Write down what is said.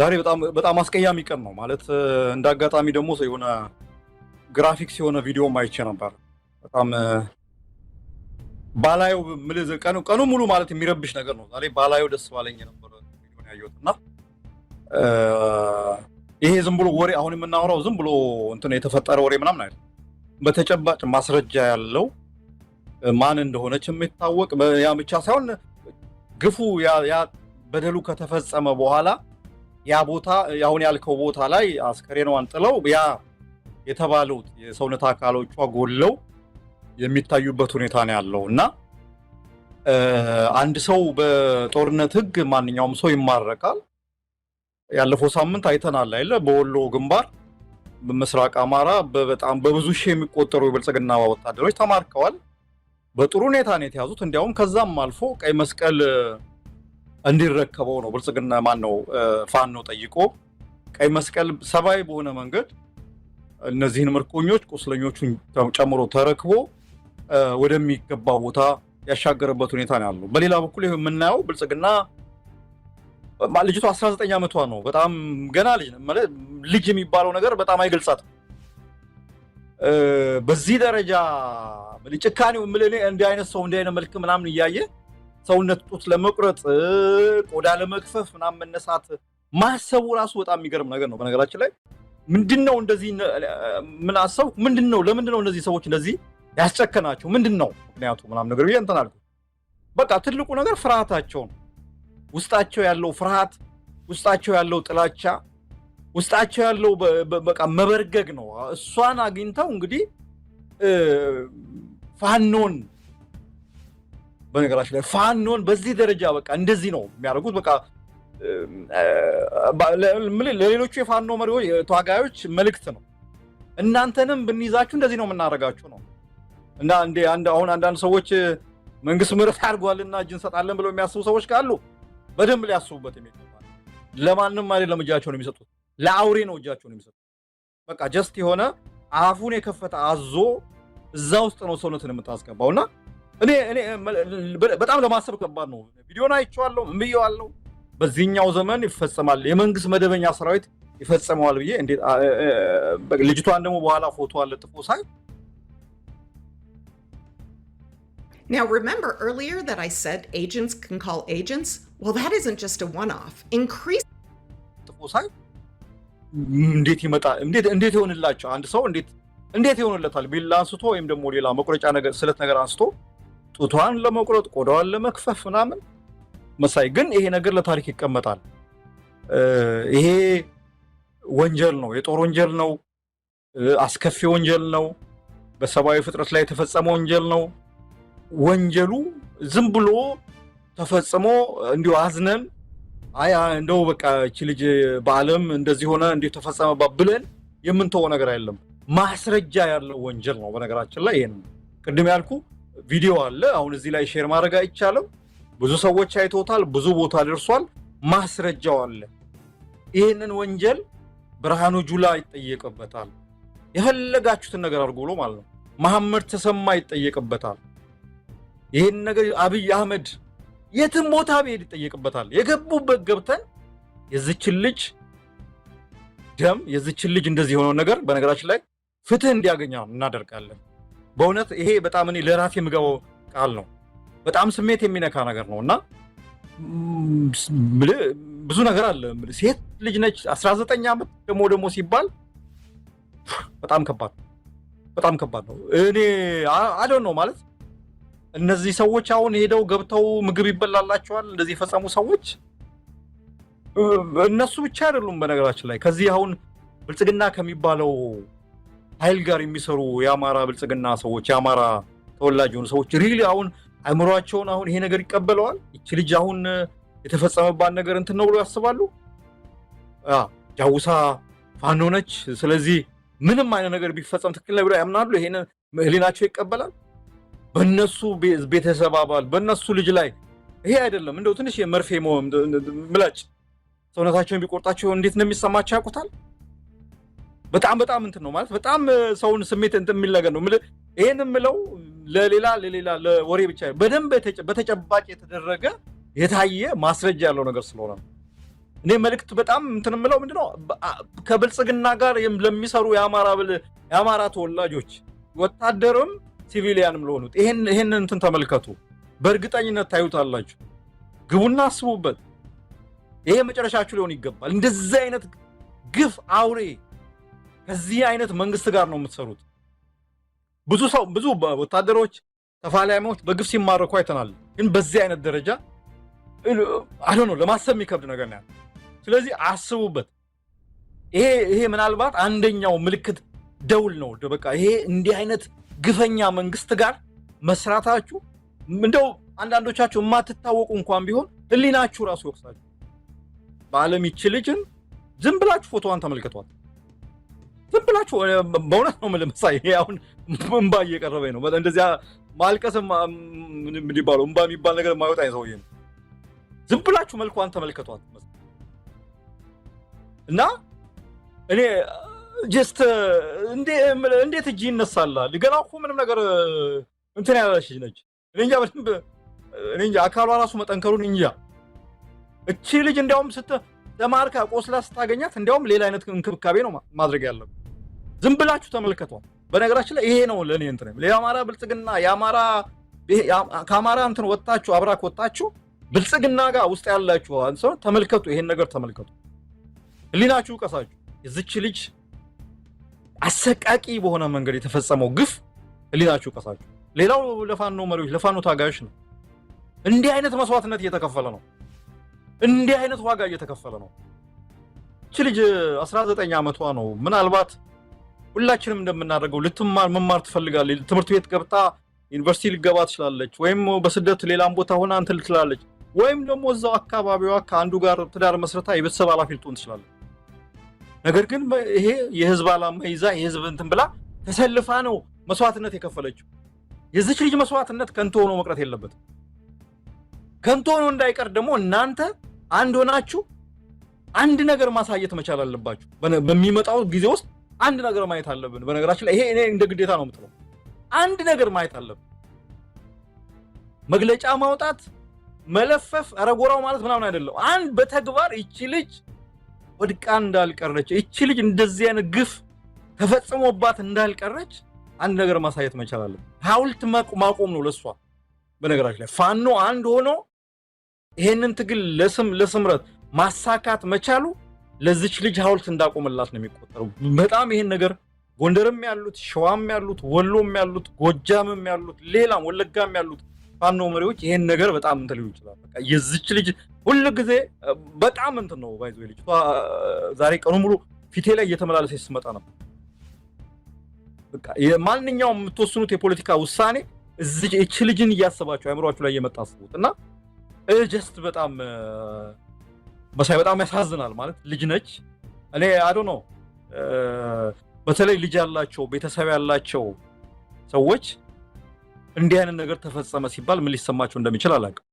ዛሬ በጣም አስቀያሚ ቀን ነው ማለት እንደ አጋጣሚ ደግሞ የሆነ ግራፊክስ የሆነ ቪዲዮ አይቼ ነበር። በጣም ባላዩ ምልዝ ቀኑ ሙሉ ማለት የሚረብሽ ነገር ነው። ዛሬ ባላዩ ደስ ባለኝ ነበር ቪዲዮን ያየሁት እና ይሄ ዝም ብሎ ወሬ አሁን የምናወራው ዝም ብሎ እንትን የተፈጠረ ወሬ ምናምን አይደለም። በተጨባጭ ማስረጃ ያለው ማን እንደሆነች የሚታወቅ ያ ብቻ ሳይሆን ግፉ ያ በደሉ ከተፈጸመ በኋላ ያ ቦታ አሁን ያልከው ቦታ ላይ አስከሬኗን ጥለው ያ የተባሉት የሰውነት አካሎቿ ጎለው የሚታዩበት ሁኔታ ነው ያለው እና አንድ ሰው በጦርነት ህግ ማንኛውም ሰው ይማረካል። ያለፈው ሳምንት አይተናል አይደለ? በወሎ ግንባር፣ በምስራቅ አማራ በጣም በብዙ ሺህ የሚቆጠሩ የብልጽግና ወታደሮች ተማርከዋል። በጥሩ ሁኔታ ነው የተያዙት። እንዲያውም ከዛም አልፎ ቀይ መስቀል እንዲረከበው ነው ብልጽግና ማን ነው ፋኖ ጠይቆ ቀይ መስቀል ሰብአዊ በሆነ መንገድ እነዚህን ምርኮኞች ቁስለኞቹን ጨምሮ ተረክቦ ወደሚገባ ቦታ ያሻገረበት ሁኔታ ነው ያለው። በሌላ በኩል ይህ የምናየው ብልጽግና ልጅቷ 19 ዓመቷ ነው። በጣም ገና ልጅ ልጅ የሚባለው ነገር በጣም አይገልጻትም። በዚህ ደረጃ ጭካኔው ምል እንዲህ አይነት ሰው እንዲህ አይነት መልክ ምናምን እያየ ሰውነት ጡት ለመቁረጥ ቆዳ ለመግፈፍ ምናምን መነሳት ማሰቡ ራሱ በጣም የሚገርም ነገር ነው። በነገራችን ላይ ምንድን ነው እንደዚህ ምን አሰብኩ? ምንድን ነው ለምንድን ነው እነዚህ ሰዎች እንደዚህ ያስጨከናቸው ምንድን ነው ምክንያቱ ምናምን ነገር ብዬ እንትን በቃ ትልቁ ነገር ፍርሃታቸው ነው። ውስጣቸው ያለው ፍርሃት፣ ውስጣቸው ያለው ጥላቻ፣ ውስጣቸው ያለው በቃ መበርገግ ነው። እሷን አግኝተው እንግዲህ ፋኖን በነገራችን ላይ ፋኖን በዚህ ደረጃ በቃ እንደዚህ ነው የሚያደርጉት። በቃ ለሌሎቹ የፋኖ መሪዎች ተዋጋዮች መልእክት ነው፣ እናንተንም ብንይዛችሁ እንደዚህ ነው የምናደርጋችሁ ነው እና እንደ አሁን አንዳንድ ሰዎች መንግስት ምሕረት አድርጓልና እጅ እንሰጣለን ብለው የሚያስቡ ሰዎች ካሉ በደንብ ሊያስቡበት የሚገባ ለማንም አይደለም ነው የሚሰጡት ለአውሬ ነው እጃቸው ነው የሚሰጡት። በቃ ጀስት የሆነ አፉን የከፈተ አዞ እዛ ውስጥ ነው ሰውነትን የምታስገባው እና እኔ እኔ በጣም ለማሰብ ከባድ ነው። ቪዲዮን አይቼዋለሁ፣ እምየዋለሁ። በዚህኛው ዘመን ይፈጸማል የመንግስት መደበኛ ሰራዊት ይፈጸመዋል ብዬ እንዴት ልጅቷን ደግሞ በኋላ ፎቶ አለጥፎ ሳይ Now, remember earlier that I said agents can call agents? Well, that isn't just a one off. Increase. እንዴት ይመጣል? እንዴት ይሆንላቸው? አንድ ሰው እንዴት ይሆንለታል? ቢላ አንስቶ ወይም ደግሞ ሌላ መቁረጫ ስለት ነገር አንስቶ ጡቷን ለመቁረጥ ቆዳዋን ለመክፈፍ ምናምን መሳይ። ግን ይሄ ነገር ለታሪክ ይቀመጣል። ይሄ ወንጀል ነው፣ የጦር ወንጀል ነው፣ አስከፊ ወንጀል ነው፣ በሰብአዊ ፍጥረት ላይ የተፈጸመ ወንጀል ነው። ወንጀሉ ዝም ብሎ ተፈጽሞ እንዲሁ አዝነን አይ እንደው በቃ እቺ ልጅ በዓለም እንደዚህ ሆነ እንዲሁ ተፈጸመባት ብለን የምንተወው ነገር አይደለም። ማስረጃ ያለው ወንጀል ነው። በነገራችን ላይ ይሄን ቅድም ያልኩ ቪዲዮ አለ። አሁን እዚህ ላይ ሼር ማድረግ አይቻልም። ብዙ ሰዎች አይቶታል፣ ብዙ ቦታ ደርሷል፣ ማስረጃው አለ። ይህንን ወንጀል ብርሃኑ ጁላ ይጠየቅበታል። የፈለጋችሁትን ነገር አድርጎ ብሎ ማለት ነው። መሐመድ ተሰማ ይጠየቅበታል። ይህን ነገር አብይ አህመድ የትም ቦታ ብሄድ ይጠየቅበታል። የገቡበት ገብተን የዚችን ልጅ ደም የዝችን ልጅ እንደዚህ የሆነውን ነገር በነገራችን ላይ ፍትህ እንዲያገኛ እናደርጋለን። በእውነት ይሄ በጣም እኔ ለራሴ የምገባው ቃል ነው። በጣም ስሜት የሚነካ ነገር ነው እና ብዙ ነገር አለ። ሴት ልጅ ነች 19 ዓመት ደግሞ ደግሞ ሲባል በጣም ከባድ በጣም ከባድ ነው። እኔ አደን ነው ማለት እነዚህ ሰዎች አሁን ሄደው ገብተው ምግብ ይበላላቸዋል እንደዚህ የፈጸሙ ሰዎች እነሱ ብቻ አይደሉም። በነገራችን ላይ ከዚህ አሁን ብልጽግና ከሚባለው ኃይል ጋር የሚሰሩ የአማራ ብልጽግና ሰዎች የአማራ ተወላጅ የሆኑ ሰዎች ሪሊ አሁን አእምሯቸውን አሁን ይሄ ነገር ይቀበለዋል? ይቺ ልጅ አሁን የተፈጸመባት ነገር እንትን ነው ብሎ ያስባሉ? ጃውሳ ፋኖ ነች፣ ስለዚህ ምንም አይነት ነገር ቢፈጸም ትክክል ነው ያምናሉ? ይሄን ህሊናቸው ይቀበላል? በእነሱ ቤተሰብ አባል በእነሱ ልጅ ላይ ይሄ አይደለም እንደው ትንሽ የመርፌ ምላጭ ሰውነታቸውን ቢቆርጣቸው እንዴት እንደሚሰማቸው ያውቁታል። በጣም በጣም እንትን ነው ማለት በጣም ሰውን ስሜት እንትን የሚል ነገር ነው። ይህን የምለው ለሌላ ለሌላ ለወሬ ብቻ በደንብ በተጨባጭ የተደረገ የታየ ማስረጃ ያለው ነገር ስለሆነ ነው። እኔ መልእክት በጣም እንትን የምለው ምንድነው ከብልጽግና ጋር ለሚሰሩ የአማራ ተወላጆች ወታደርም ሲቪሊያንም ለሆኑት ይህን እንትን ተመልከቱ። በእርግጠኝነት ታዩታላችሁ። ግቡና አስቡበት። ይሄ መጨረሻችሁ ሊሆን ይገባል። እንደዚህ አይነት ግፍ አውሬ ከዚህ አይነት መንግስት ጋር ነው የምትሰሩት። ብዙ ሰው ብዙ ወታደሮች፣ ተፋላሚዎች በግፍ ሲማረኩ አይተናል። ግን በዚህ አይነት ደረጃ አይ ነው ለማሰብ የሚከብድ ነገር ነው። ስለዚህ አስቡበት። ይሄ ይሄ ምናልባት አንደኛው ምልክት ደውል ነው። በቃ ይሄ እንዲህ አይነት ግፈኛ መንግስት ጋር መስራታችሁ እንደው አንዳንዶቻችሁ የማትታወቁ እንኳን ቢሆን ህሊናችሁ ራሱ ይወቅሳችሁ። በዓለም ይቺ ልጅን ዝም ብላችሁ ፎቶዋን ተመልክቷል። ዝም ብላችሁ በእውነት ነው የምልህ መሳይ፣ አሁን እንባ እየቀረበኝ ነው። እንደዚያ ማልቀስ የሚባለው እንባ የሚባል ነገር የማይወጣኝ ሰውዬ ነው። ዝም ብላችሁ መልኳን ተመልከቷት እና እኔ ጀስት እንዴት እጅ ይነሳላል? ገና እኮ ምንም ነገር እንትን ያላለች ነች። እኔ እንጃ በደንብ እኔ እንጃ አካሏ ራሱ መጠንከሩን እንጃ። እቺ ልጅ እንዲያውም ስት ተማርካ ቆስላ ስታገኛት እንዲያውም ሌላ አይነት እንክብካቤ ነው ማድረግ ያለው። ዝም ብላችሁ ተመልከቷል። በነገራችን ላይ ይሄ ነው ለእኔ እንትን የአማራ ብልጽግና የአማራ ከአማራ እንትን ወጣችሁ አብራክ ወጣችሁ ብልጽግና ጋር ውስጥ ያላችሁ ሰው ተመልከቱ፣ ይሄን ነገር ተመልከቱ፣ ህሊናችሁ ቀሳችሁ። የዚች ልጅ አሰቃቂ በሆነ መንገድ የተፈጸመው ግፍ ህሊናችሁ ቀሳችሁ። ሌላው ለፋኖ መሪዎች፣ ለፋኖ ታጋዮች ነው። እንዲህ አይነት መስዋዕትነት እየተከፈለ ነው። እንዲህ አይነት ዋጋ እየተከፈለ ነው። እች ልጅ 19 ዓመቷ ነው ምናልባት ሁላችንም እንደምናደርገው ልትማር መማር ትፈልጋለች። ትምህርት ቤት ገብታ ዩኒቨርሲቲ ልገባ ትችላለች። ወይም በስደት ሌላም ቦታ ሆና እንትን ልትላለች፣ ወይም ደግሞ እዛው አካባቢዋ ከአንዱ ጋር ትዳር መስረታ የቤተሰብ ኃላፊ ልትሆን ትችላለች። ነገር ግን ይሄ የህዝብ ዓላማ ይዛ የህዝብ እንትን ብላ ተሰልፋ ነው መስዋዕትነት የከፈለችው። የዚች ልጅ መስዋዕትነት ከንቱ ሆኖ መቅረት የለበትም። ከንቱ ሆኖ እንዳይቀር ደግሞ እናንተ አንድ ሆናችሁ አንድ ነገር ማሳየት መቻል አለባችሁ። በሚመጣው ጊዜ ውስጥ አንድ ነገር ማየት አለብን። በነገራችን ላይ ይሄ እኔ እንደ ግዴታ ነው የምትለው አንድ ነገር ማየት አለብን። መግለጫ ማውጣት፣ መለፈፍ፣ አረጎራው ማለት ምናምን አይደለም። አንድ በተግባር እቺ ልጅ ወድቃ እንዳልቀረች፣ ይቺ ልጅ እንደዚህ አይነት ግፍ ተፈጽሞባት እንዳልቀረች አንድ ነገር ማሳየት መቻል አለብን። ሐውልት ማቆም ነው ለሷ። በነገራችን ላይ ፋኖ አንድ ሆኖ ይሄንን ትግል ለስም ለስምረት ማሳካት መቻሉ ለዚች ልጅ ሀውልት እንዳቆመላት ነው የሚቆጠረው። በጣም ይሄን ነገር ጎንደርም ያሉት ሸዋም ያሉት ወሎም ያሉት ጎጃምም ያሉት ሌላም ወለጋም ያሉት ፋኖ መሪዎች ይሄን ነገር በጣም እንትን ሊሉ ይችላል። በቃ የዚች ልጅ ሁል ጊዜ በጣም እንትን ነው ባይዞ ልጅቷ ዛሬ ቀኑ ሙሉ ፊቴ ላይ እየተመላለሰ ስትመጣ ነው። በቃ ማንኛውም የምትወስኑት የፖለቲካ ውሳኔ እዚህ እች ልጅን እያሰባችሁ አእምሯችሁ ላይ እየመጣ አስቡት እና ጀስት በጣም መሳይ በጣም ያሳዝናል። ማለት ልጅ ነች። እኔ አዶ ነው። በተለይ ልጅ ያላቸው ቤተሰብ ያላቸው ሰዎች እንዲህ አይነት ነገር ተፈጸመ ሲባል ምን ሊሰማቸው እንደሚችል አላውቅም።